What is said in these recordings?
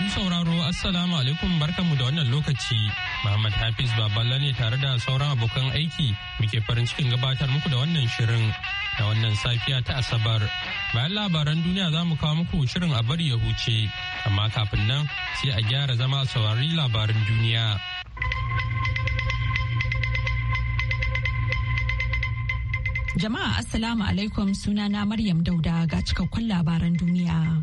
Masu sauraro Assalamu alaikum barkanmu da wannan lokaci. Muhammad Hafiz Baballa ne tare da sauran abokan aiki muke farin cikin gabatar muku da wannan shirin da wannan safiya ta Asabar. Bayan labaran duniya za mu kawo muku shirin a bari ya huce, amma kafin nan sai a gyara zama a saurari labaran duniya. Jama'a Assalamu alaikum sunana Maryam Dauda ga cikakkun labaran duniya.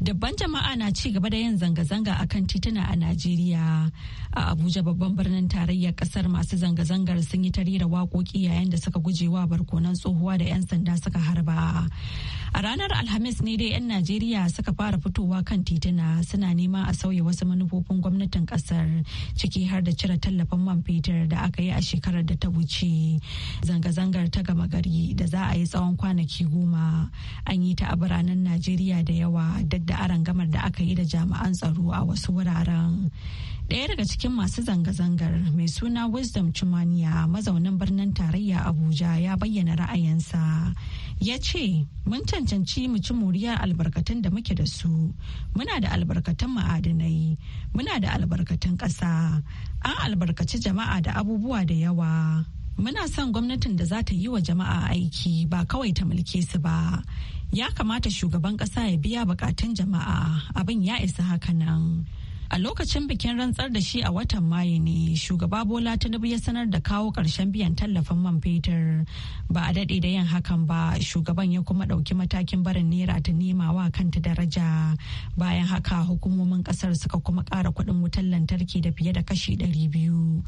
Dabban jama'a na ci gaba da yin zanga-zanga a kan tituna a Najeriya. A Abuja babban birnin tarayyar kasar masu zanga-zangar sun yi tarira waƙoƙi yayin da suka guje wa barkonan tsohuwa da 'yan sanda suka harba. A ranar Alhamis ne dai 'yan Najeriya suka fara fitowa kan tituna suna nema a sauya wasu manufofin gwamnatin kasar ciki har da cire tallafin man fetur da aka yi a shekarar da ta wuce. Zanga-zangar ta gama gari da za a yi tsawon kwanaki goma. An yi ta a biranen Najeriya da yawa da arangamar da aka yi da jami'an tsaro a wasu wuraren ɗaya daga cikin masu zanga-zangar mai suna wisdom chumaniya mazaunin birnin tarayya abuja ya bayyana ra'ayinsa ya ce mun cancanci mu ci muriyar albarkatun da muke da su muna da albarkatun ma'adinai muna da albarkatun ƙasa an albarkaci jama'a da abubuwa da yawa Muna son gwamnatin da za ta yi wa jama'a aiki ba kawai ta mulke su ba. Ya kamata shugaban ƙasa ya biya bukatun jama'a abin ya isa haka nan. A lokacin bikin rantsar da shi a watan Mayu ne, shugaba Bola Tinubu ya sanar da kawo ƙarshen biyan tallafin man fetur. Ba a daɗe da yin hakan ba, shugaban ya kuma ɗauki matakin barin naira ta nema wa kanta daraja. Bayan haka hukumomin ƙasar suka kuma ƙara kuɗin wutar lantarki da fiye da kashi ɗari biyu.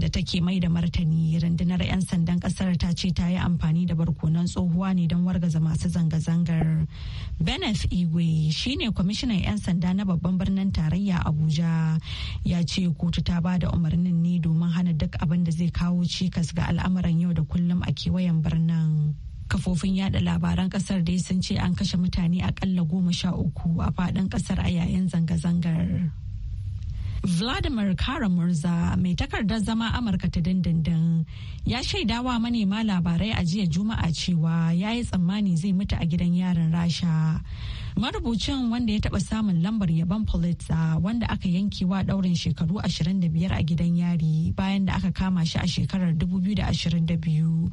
Da take mai da martani, rundunar 'yan sandan ƙasar ta ce ta yi amfani da barkonan tsohuwa ne don wargaza masu zanga-zangar. Benef Igwe shine kwamishinan 'yan sanda na babban birnin tarayya abu. abuja ya ce kotu ta ba da umarnin ne domin hana duk abin da zai kawo cikas ga al'amuran yau da kullum a kewayen birnin kafofin yada labaran kasar dai sun ce an kashe mutane akalla goma sha uku a faɗin kasar a yayin zanga-zangar Vladimir Kara mai takardar zama Amurka ta dindindin ya shaidawa manema labarai a jiya Juma'a cewa ya yi tsammani zai mutu a gidan yaran Rasha. marubucin wanda ya taɓa samun lambar yaban pulitzer wanda aka yanke wa ɗaurin shekaru 25 a gidan yari bayan da aka kama shi a shekarar 2022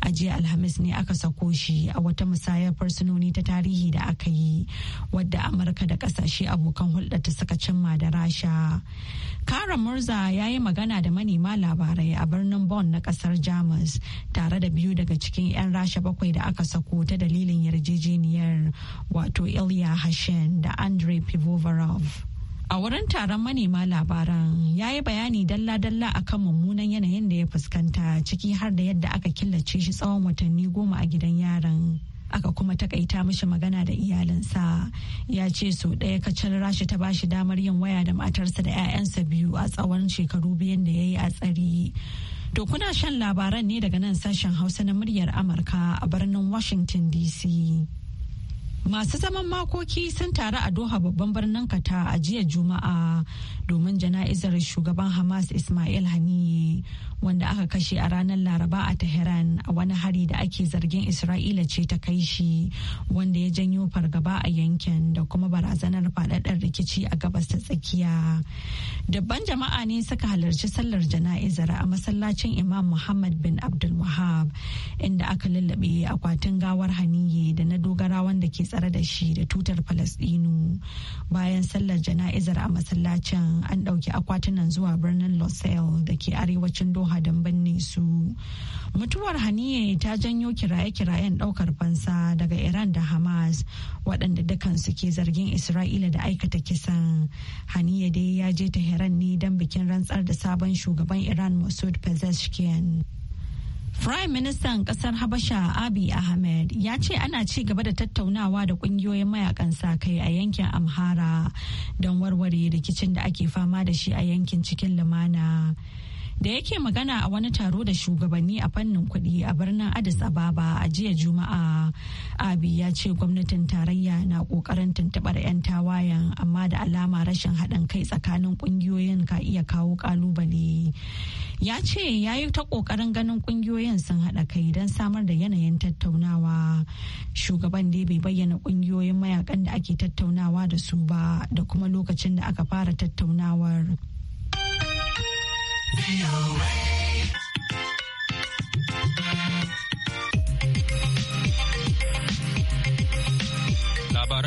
a jiya alhamis ne aka sako shi a wata musayar fursunoni ta tarihi da aka yi wadda amurka da ƙasashe abokan hulɗa ta suka cimma da rasha kara murza ya yi magana da manema labarai a birnin bonn na ƙasar jamus tare da biyu daga cikin 'yan rasha bakwai da aka sako ta dalilin yarjejeniyar wato Ilya Hashen da Andrey Pivovarov. A wurin taron manema labaran ya yi bayani dalla-dalla a kan mummunan yanayin da ya fuskanta ciki har da yadda aka killace shi tsawon watanni goma a gidan yaron. Aka kuma takaita mashi magana da iyalinsa ya ce sau ɗaya kacal rashi ta bashi damar yin waya da matarsa da 'ya'yansa biyu a tsawon shekaru biyan da ya yi a tsari. To kuna shan labaran ne daga nan sashen Hausa na muryar Amurka a birnin Washington DC. Masu zaman makoki sun taru a Doha babban birnin Kata a jiya Juma'a domin jana'izar shugaban Hamas Ismail Haniye wanda aka kashe a ranar Laraba a Tehran a wani hari da ake zargin Isra'ila ce ta kai shi wanda ya janyo fargaba a yankin da kuma barazanar faɗaɗar rikici a gabas ta tsakiya. Dabban jama'a ne suka halarci sallar jana'izar a masallacin Imam Muhammad bin Abdul Wahab inda aka lullube akwatin gawar Haniye da na dogara wanda ke tsare da shi da tutar Falasɗinu. Bayan sallar jana'izar a masallacin an ɗauki akwatunan zuwa birnin Losail da ke arewacin Doha don binne su. Mutuwar Haniye ta janyo kiraye-kirayen ɗaukar fansa daga Iran da Hamas waɗanda su ke zargin Isra'ila da aikata kisan. Haniye dai ya je ta ne don bikin rantsar da sabon shugaban Iran Masoud Pezeshkian. Prime Ministan kasar Habasha Abiy Ahmed ya ce ana ci gaba da tattaunawa da kungiyoyin mayakan sa kai a yankin Amhara don warware rikicin da ake fama da shi a yankin cikin lumana. Da yake magana a wani taro da shugabanni a fannin kuɗi a birnin Addis Ababa a jiya Juma'a, Abi ya ce gwamnatin tarayya na ƙoƙarin tuntuɓar 'yan tawayen amma da alama rashin haɗin kai tsakanin ƙungiyoyin ka iya kawo ƙalubale. ya ce ya yi ta kokarin ganin kungiyoyin sun haɗa kai don samar da yanayin tattaunawa shugaban dai bai bayyana kungiyoyin mayakan da ake tattaunawa da su ba da kuma lokacin da aka fara tattaunawar.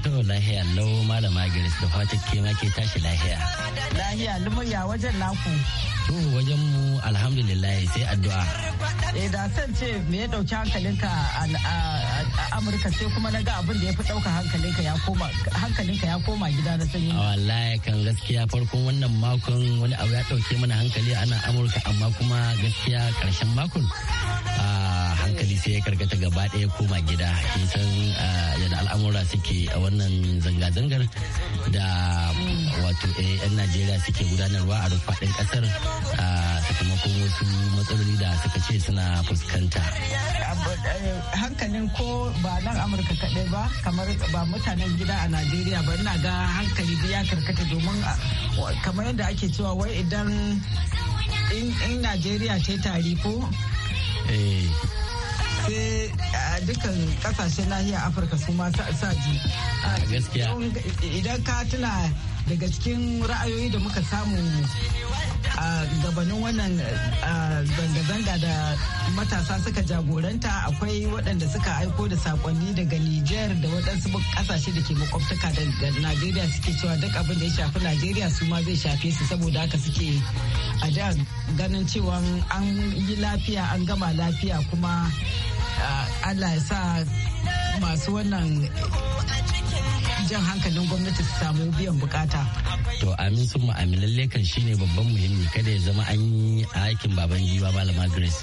To lahiya lau malama Giris da fata ke ma ke tashi lahiya. Lahiya ya wajen naku. To wajen mu alhamdulillah sai addu'a. Eh da san ce me ya dauki hankalinka a Amurka sai kuma na ga abin da ya fi dauka hankalinka ya koma hankalinka ya koma gida na sanyi. Wallahi kan gaskiya farkon wannan makon wani abu ya dauke mana hankali ana Amurka amma kuma gaskiya karshen makon. hankali sai ya karkata gaba ɗaya koma gida kin san ah, yadda al'amura suke a wannan zanga-zangar da wato 'yan eh, najeriya suke gudanarwa a rufaɗin ƙasar ah, sakamakon wasu matsaloli da suka ce suna fuskanta hankalin ko ba nan amurka kaɗai ba kamar ba mutanen gida a najeriya ba ina ga hankali ya karkata domin ah, kamar yadda ake cewa wai idan in najeriya ta yi tari ko eh, sai a eh, dukkan kasashen nahiyar afirka su ma sa ji idan ka tuna daga cikin ra'ayoyi da muka samu a gabanin wannan zanga-zanga da matasa suka jagoranta akwai waɗanda suka aiko da sakonni daga Nijar da waɗansu ƙasashe da ke makwabtaka da Najeriya suke cewa duk abin da ya shafi Najeriya su ma zai shafe su saboda haka suke a da ganin cewa an yi lafiya an gama lafiya kuma Allah ya sa masu wannan jan hankalin gwamnati su samu biyan bukata. To amin sun mu'ami lalle kan shine babban muhimmi kada ya zama an yi aikin baban giwa malama Grace.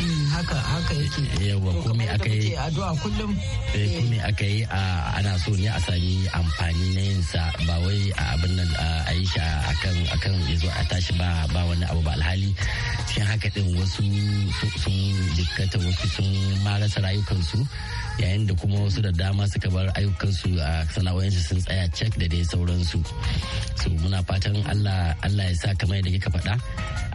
Hmm, haka haka yake yawa kome aka yi addu'a kullum eh kome aka yi ana so ne a sami amfani na yin sa ba wai abin nan a yi shi akan akan yazo a tashi ba ba wani abu ba alhali cikin haka din wasu sun jikkata wasu sun marasa rayukansu yayin da kuma wasu da dama suka bar ayyukansu a sana'o'insu sun tsaya cek da dai sauransu so muna fatan allah ya sa kamar yadda kika faɗa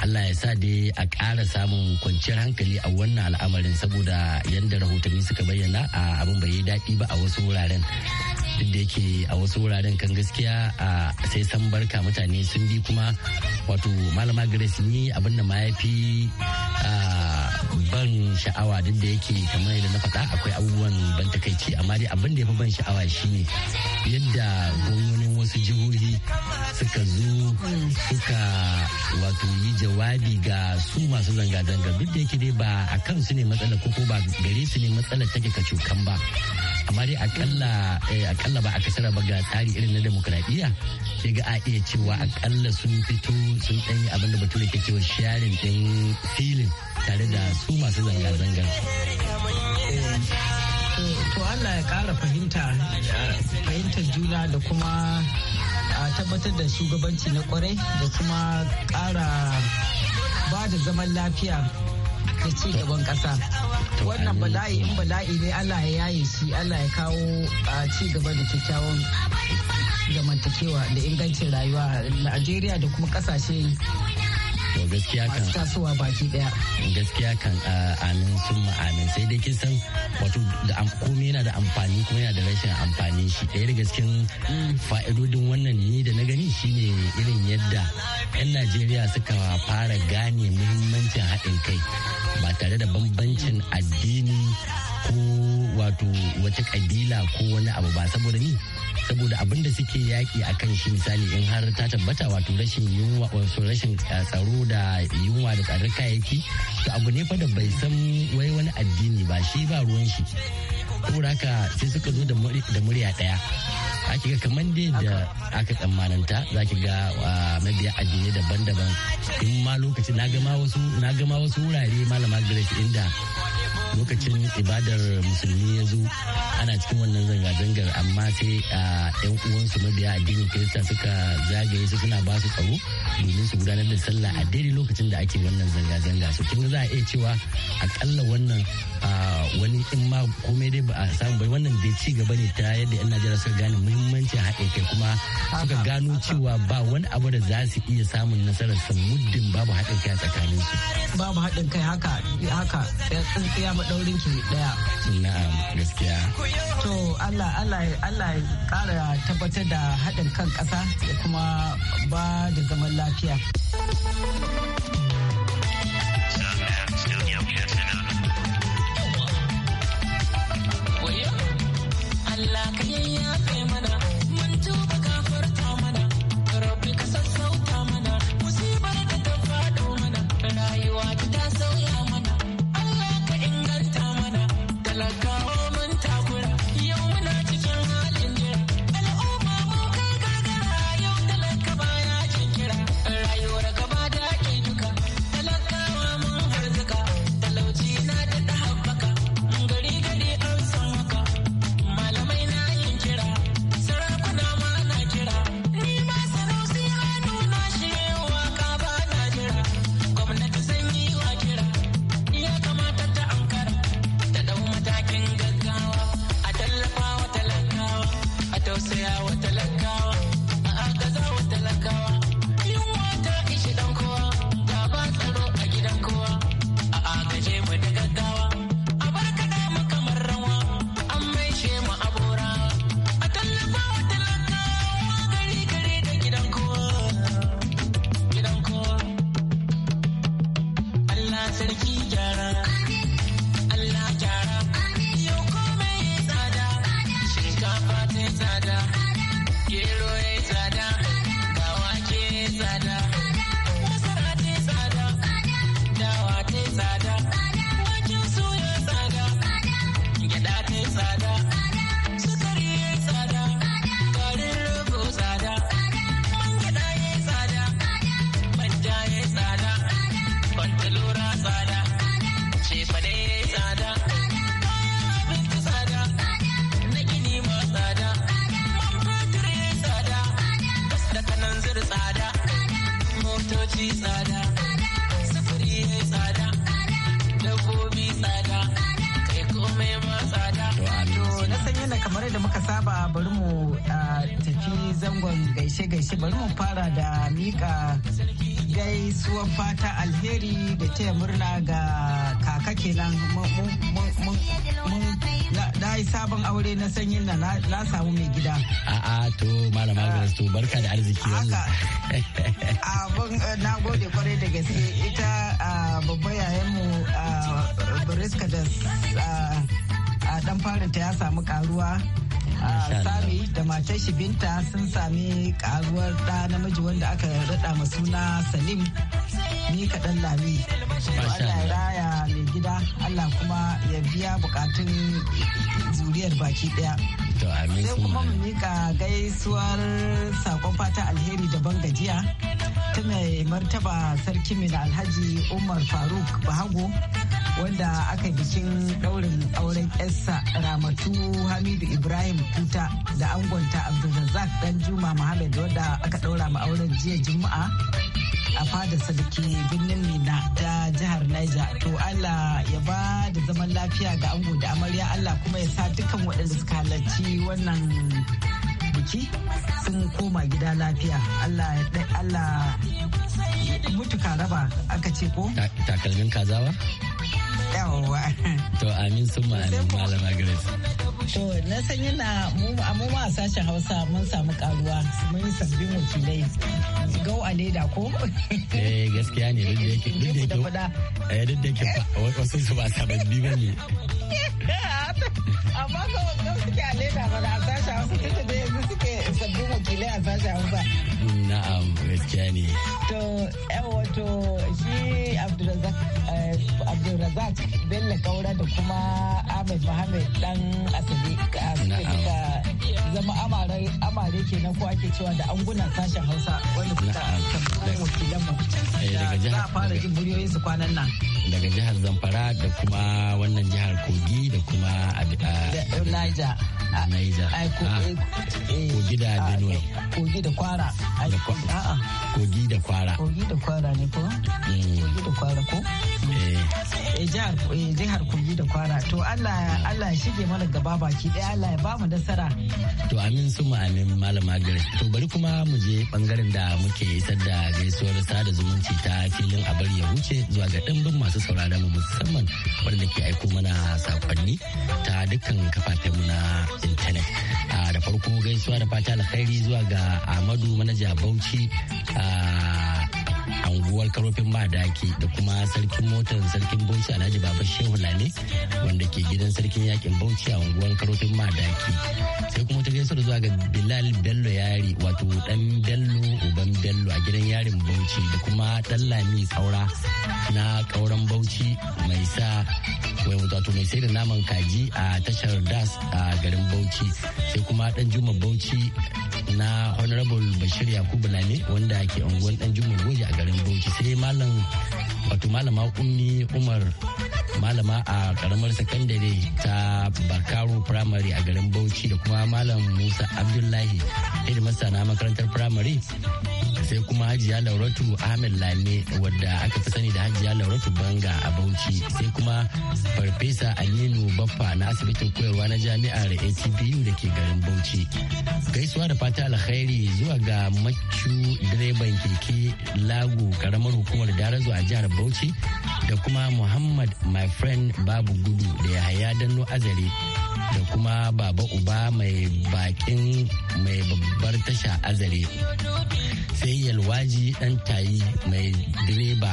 allah ya sa dai a ƙara samun kwanciyar hankali a wannan al'amarin saboda yadda rahotanni suka bayyana a abin bai yi daɗi ba a wasu wuraren duk da yake a wasu wuraren kan gaskiya a sai san barka mutane sun bi kuma wato malama grace ni abin da ma ya fi ban sha'awa duk da yake kamar yadda na faɗa akwai abubuwan ban takaici amma dai abin da ya fi ban sha'awa shine yadda gwamnonin wasu jihohi suka zo suka wato yi jawabi ga su masu zanga-zanga duk da yake dai ba a kan su ne matsala ko ba gare su ne matsalar take kacokan ba amma dai akalla eh, akalla ba a kasar ba ga tsari irin na demokradiyya sai ga a iya cewa akalla sun fito sun abinda abin da bature ke cewa sharin ɗin filin tare da su masu zanga-zangar. Eh, to Allah ya kara fahimta fahimtar juna da kuma a tabbatar da shugabanci na kwarai da kuma ƙara ba da zaman lafiya da ci gaban ƙasa wannan bala'i in bala'i ne allah ya yaye shi allah ya kawo a ci gaba da kyakkyawan zamantakewa da ingancin rayuwa a najeriya da kuma ƙasashe to gaskiya kan tasowa baki daya gaskiya kan amin sun amin sai dai kin san wato da komai yana da amfani kuma yana da rashin amfani shi ɗaya da cikin fa'idodin wannan ni da na gani shine irin yadda 'yan Najeriya suka fara gane muhimmancin haɗin kai ba tare da bambancin addini ko wato wata kabila ko wani abu ba saboda ni saboda abin da suke yaki a kan shi misali in har ta tabbata wato rashin yunwa wato rashin eh, tsaro da yunwa da tsadar kayayyaki to abu ne fa da bai san wai wani addini ba shi ba ruwan shi saboda haka sai suka zo da murya daya Aki ga kamar dai da aka tsammananta za ki ga ah, mabiya addinai daban-daban in ma lokaci na gama wasu wurare malama grace inda lokacin ibadar musulmi ya zo ana cikin wannan zanga-zangar amma sai yan uwansu mabiya addinin kirista suka zagaye su suna ba su tsaro domin su gudanar da sallah a daidai lokacin da ake wannan zanga-zanga su kin za a iya cewa akalla wannan wani in ma komai dai ba a samu bai wannan dai ci gaba ne ta yadda yan najeriya suka gane muhimmancin haɗe kai kuma suka gano cewa ba wani abu da za su iya samun nasarar muddin babu haɗin kai a tsakaninsu. babu haɗin kai haka haka ɗaurin ki ɗaya. na'am gaskiya to Allah Allah Allah ya ƙara tabbatar da haɗin kan ƙasa da kuma ba da zaman lafiya fata alheri da taya murna ga kaka kenan da yi sabon aure na sanyin na na samu mai gida. A'a to malama to barka da arziki wannan. Abin eh, na gode kwarai da gaske ita babba yayanmu mu Bariska da dan farinta ya samu karuwa. Sami da matar shi Binta sun sami karuwar da namiji wanda aka raɗa ma suna Salim. ni kaɗan lami Allah ya raya mai gida Allah kuma ya biya bukatun zuriyar baki ɗaya sai kuma mu mika gaisuwar sakon fata alheri daban gajiya ta mai martaba sarki mai alhaji umar faruk bahago wanda aka bikin daurin auren yarsa ramatu hamidu ibrahim kuta da angonta abdulrazak dan juma muhammad wanda aka daura ma auren jiya juma'a a fada sarki birnin mina ta jihar Niger. To Allah ya ba da zaman lafiya ga ango da amarya Allah kuma ya sa dukkan waɗanda suka halarci wannan biki sun koma gida lafiya. Allah Allah mutuka raba aka ce ko? Takalmin kazawa? Yawwa. To amin sun ma'anin malama Grace. To oh, na san yana mu a sashen Hausa mun samu karuwa mun yi sabbin wakilai gau a leda ko? Eh gaskiya ne duk da yake duk da yake eh, wasu su ba sababbi ba ne. Amma ga wanda suke a leda ba da sashen Hausa duk da yanzu suke sabbin wakilai a sashen Hausa. na'am gaskiya ne to eh, wato shi eh, abdulrazak bello kaura da kuma ahmed mohamed dan asabe suka zama amare amare ke nan ko ake cewa da angunan sashen hausa wanda suka tafi wakilan mu eh, da za a fara jin muryoyinsu kwanan nan daga jihar zamfara da kuma wannan jihar kogi da kuma Niger. Kogi da ah, Benue. Kogi da kwara. Kogi da kwara. Kogi da kwara ne ko? Mm. Kogi da kwara ko? Eh. Eh, eh, jihar kogi da kwara to Allah ah. ya shige mana gaba baki daya Allah ya bamu nasara to amin su amin malama gari to bari kuma mu je bangaren da muke isar da gaisuwar sada zumunci ta filin abar ya wuce zuwa ga dimbin masu masu sauraron mu musamman waɗanda ke aiko mana sakonni ta dukkan mu na intanet. Da farko gaisuwa da fata alkhairi zuwa ga Amadu manaja Bauchi anguwar karofin madaki da kuma sarkin motar sarkin bauchi alhaji baba shehu lale wanda ke gidan sarkin yakin bauchi a unguwar karofin madaki sai kuma ta gaisar zuwa ga bilal bello yari wato dan bello uban bello a gidan yarin bauchi da kuma dan lami tsaura na kauran bauchi mai sa wai wato mai sai da naman kaji a tashar das a garin bauchi sai kuma dan juma bauchi na honorable bashir yakubu lale wanda ke unguwar dan juma goji a garin gari sai malam wato malama kunni umar malama a karamar sakandare ta bakaro primary a garin bauchi da kuma malam musa abdullahi da masana makarantar primary sai kuma hajiya lauratu ahmed lame wadda aka fi sani da hajiya lauratu banga a bauchi sai kuma farfesa aminu baffa na asibitin koyarwa na jami'ar atbu da ke garin bauchi gaisuwa da fata alkhairi zuwa ga macu direban keke lagu karamar hukumar darazo a jihar bauchi da kuma muhammad my friend babu gudu da ya haya danno azare da kuma baba uba mai bakin mai babbar tasha azare sai yalwaji dan tayi mai direba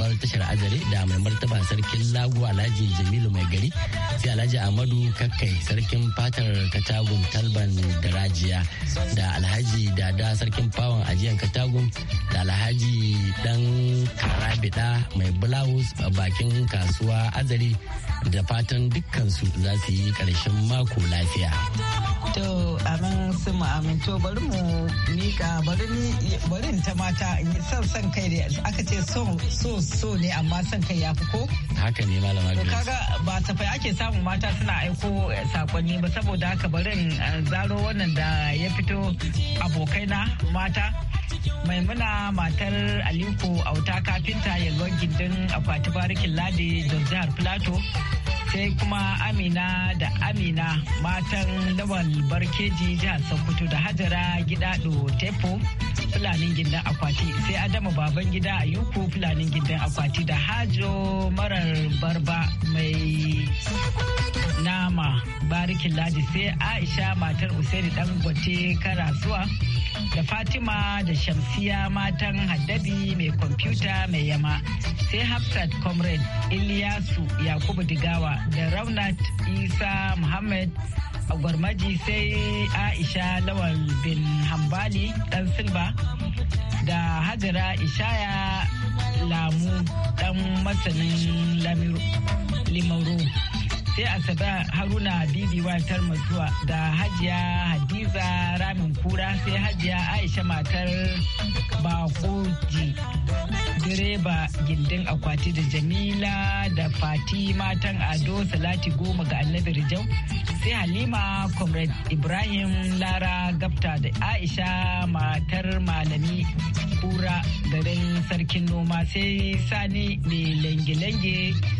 babbar tashar azare da mai martaba sarkin lagu alhaji jamilu mai gari sai alhaji amadu kakai sarkin fatar katagun talban da rajiya da alhaji dada sarkin fawon ajiyan katagun da alhaji dan karabida mai bulawus a bakin kasuwa azare da fatan dukkansu za su yi karshen mako lafiya. To, amin sun mu bari mu mika bari ta mata son kai da aka ce so so so ne amma son kai ya ko haka ne malama to kaga ba tafai ake samun mata suna aiko eh, sakonni ba saboda haka barin eh, zaro wannan da ya fito abokai na mata maimuna matar aliko auta kafinta yalwar gindin akwati barikin lade da jihar plateau sai kuma amina da amina matan lawal barkeji jihar sokoto da hajara gidado tepo fulanin gindin akwati sai adama baban gida a yuku fulanin gindin akwati da hajo marar barba mai nama barikin ladi sai aisha matar usaini dan gwate karasuwa da Fatima da Shamsiya matan Haddabi mai kwamfuta mai yama sai Hafsat Comrade ilyasu Yakubu Digawa da Raunat Isa Muhammad a gwarmaji sai Aisha Lawal bin Hambali dan Silba da Hajara Ishaya Lamu dan masanin Limauro. sai Asabe Haruna Bibi Watar Mutuwa da Hajiya Hadiza Ramin Kura sai Hajiya Aisha matar Bakoji direba gindin akwati da Jamila da Fati matan Ado Salati Goma ga Annabi Rijau sai Halima Comrade Ibrahim Lara Gafta da Aisha matar Malami Kura garin Sarkin Noma sai Sani mai lange-lange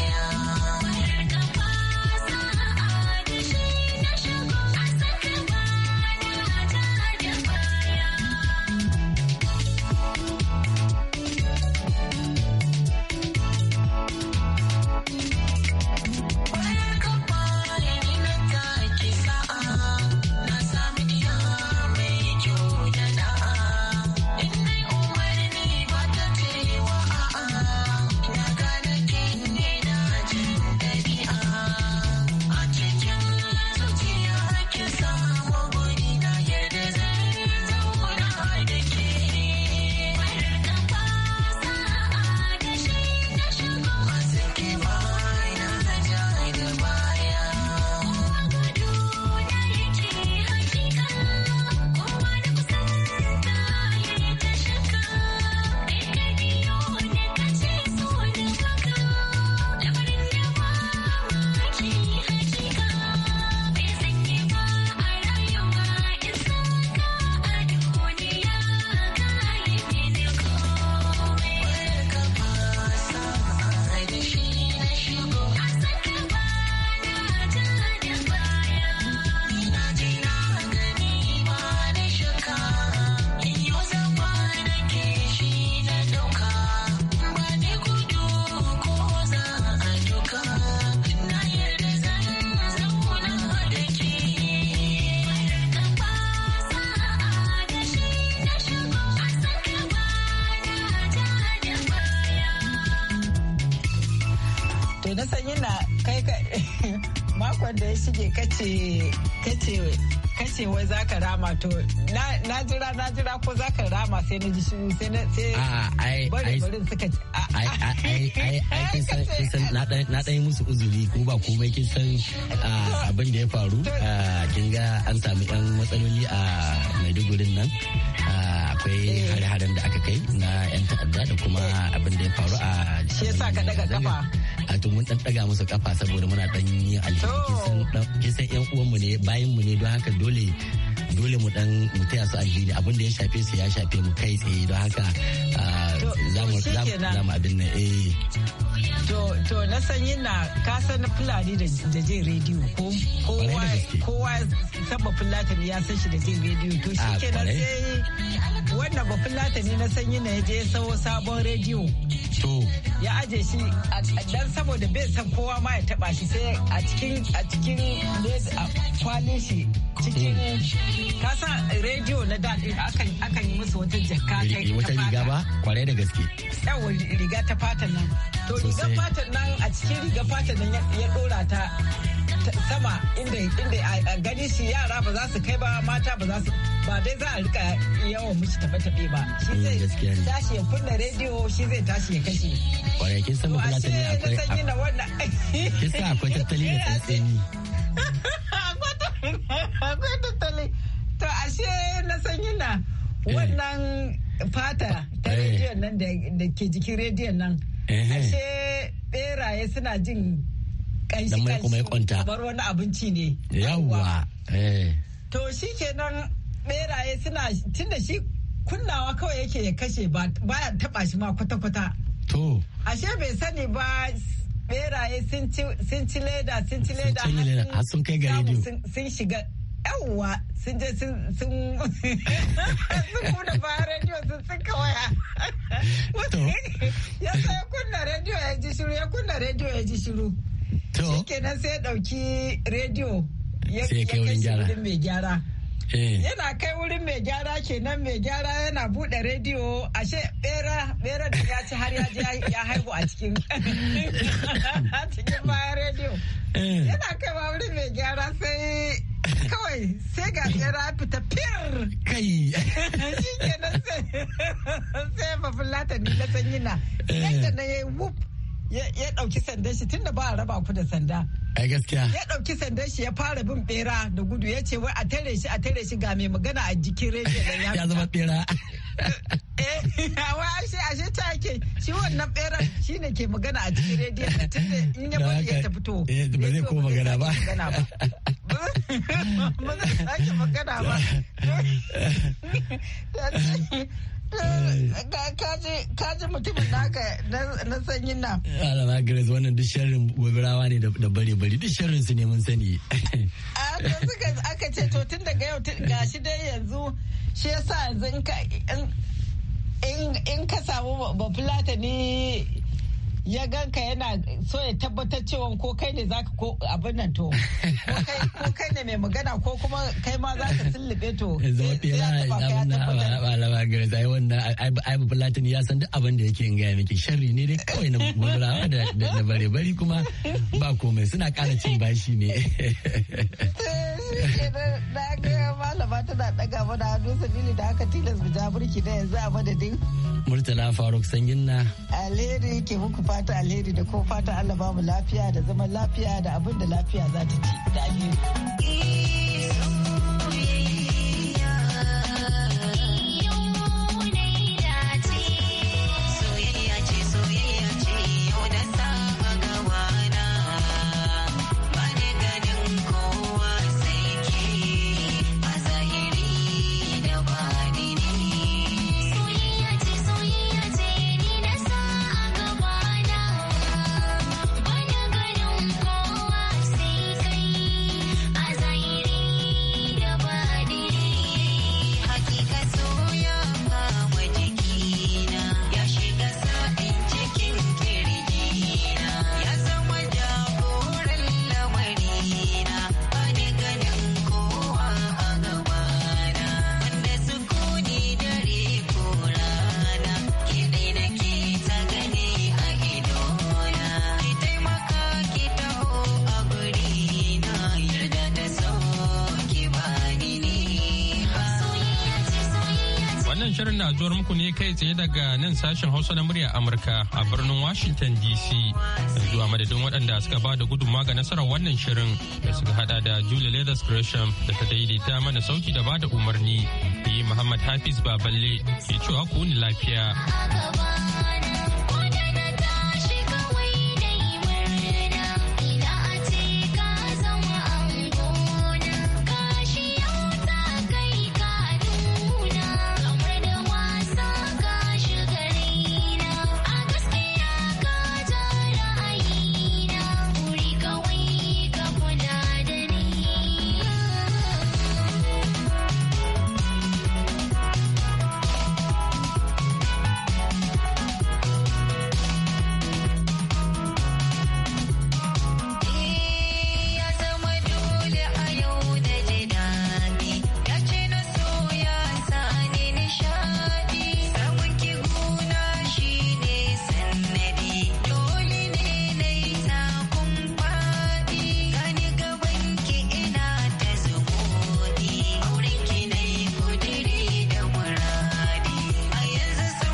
wanda ya shige kace kace kace wai za ka rama to na jira na jira ko za ka rama sai na ji shiru sai na sai bari barin suka ai ai ai ai kin san kin san na dan na dan musu uzuri ko ba komai kin san abin da ya faru kin ga an sami yan matsaloli a Maidugurin nan akwai hare-haren da aka kai na yan ta'adda da kuma abin da ya faru a shi yasa ka daga kafa a tun mun daddaga musu kafa saboda muna dan yi alheri kisan san yan uwan mu ne bayan mu ne don haka dole dole mu dan mu taya su alheri abin da ya shafe su ya shafe mu kai tsaye don haka ah, za mu abin nan eh to na sanyi na kasa na fulani da jin rediyo ko kowa saba fulatani ya san shi da jin rediyo to shi ke na sai wannan ba fulatani na sanyi na ya je sawo sabon rediyo to ya aje shi dan saboda bai san kowa ma ya taba shi sai a cikin a cikin kwanin shi cikin hmm. kasa rediyo na daɗi akan akan yi musu wata jakka kai. wata riga ba kwarai da gaske yawa riga ta fata nan to rigar fatan nan a cikin rigar fatan nan ya dora ta sama inda inda a gani shi yara ba za su kai ba mata ba za su ba dai za a rika yawan musu tafe tafe ba shi mm, zai tashi ya kunna rediyo shi zai tashi ya kashe wani kin san mabula ta ne akwai sanyi na wannan akwai tattali da tsantsani akwai tattali to ashe na san na eh. wannan fata ta eh. rediyon nan da ke jikin rediyon nan Eh. ashe beraye suna jin kanshi kanshi kamar wani abinci ne yawwa eh. to shikenan beraye suna tunda shi kunnawa kawai yake ya kashe baya taba shi ma kwata-kwata to ashe bai sani ba beraye sun ci leda sun ci leda har sun kai ga sun shiga yauwa sun je sun sun kuna ba rediyo sun suka waya ya sa ya kunna rediyo ya ji shiru ya kunna rediyo ya ji shiru shi kenan sai ya dauki rediyo ya kai wurin mai gyara eh. yana kai wurin mai gyara kenan mai gyara yana bude rediyo ashe bera bera da ya ci har ya haihu a cikin cikin bayan rediyo eh. yana kai wurin mai gyara sai kawai sai ga tsira fita fir kai shi ke kenan sai mafulata ni na sanyi na eh. yadda na ya wuf ya ɗauki sandan shi tunda ba a raba ku da sanda ai gaskiya ya ɗauki sandan shi ya fara bin bera da gudu ya ce wai a tare shi a tare shi ga mai magana a jikin rediyo ya zama bera eh, ashe ashe ta ke shi wannan beran shi ne ke magana a cikin rediyo tunda in ya bari ya ta fito eh, ba zai ko magana ba ba zan sake magana ba kaji mutumin naka na sanyin na. Alama Grace wannan duk sharrin gobirawa ne da bare bare duk sharrin su ne mun sani. A to suka aka ce to tun daga yau ga shi dai yanzu shi yasa yanzu in ka samu ba fulata ni ya ganka yana so ya tabbatar cewa ko kai ne zaka ko abin nan to ko kai ne mai magana ko kuma kai ma zaka sullube to zafi ya malama grace eh, wannan ai platin ya san duk abin da yake in miki sharri ne dai kawai na murawa da bare bari kuma ba komai suna kara cin bashi ne eh, na ga malama tana daga mana hannu sabili da aka tilas mu ja burki da yanzu a madadin. Murtala Faruk Sanyin na. Alheri ke muku fata alheri da ko fata Allah ba lafiya da zaman lafiya da abin da lafiya zata ci. Da kai tsaye daga nan sashen Hausa na murya Amurka a birnin Washington DC. Yanzu a madadin waɗanda suka ba da gudun maga nasarar wannan shirin da suka hada da Julie Leathers Gresham da ta daidaita mana sauki da ba da umarni. Yi Muhammad Hafiz Baballe ke cewa ku ni lafiya.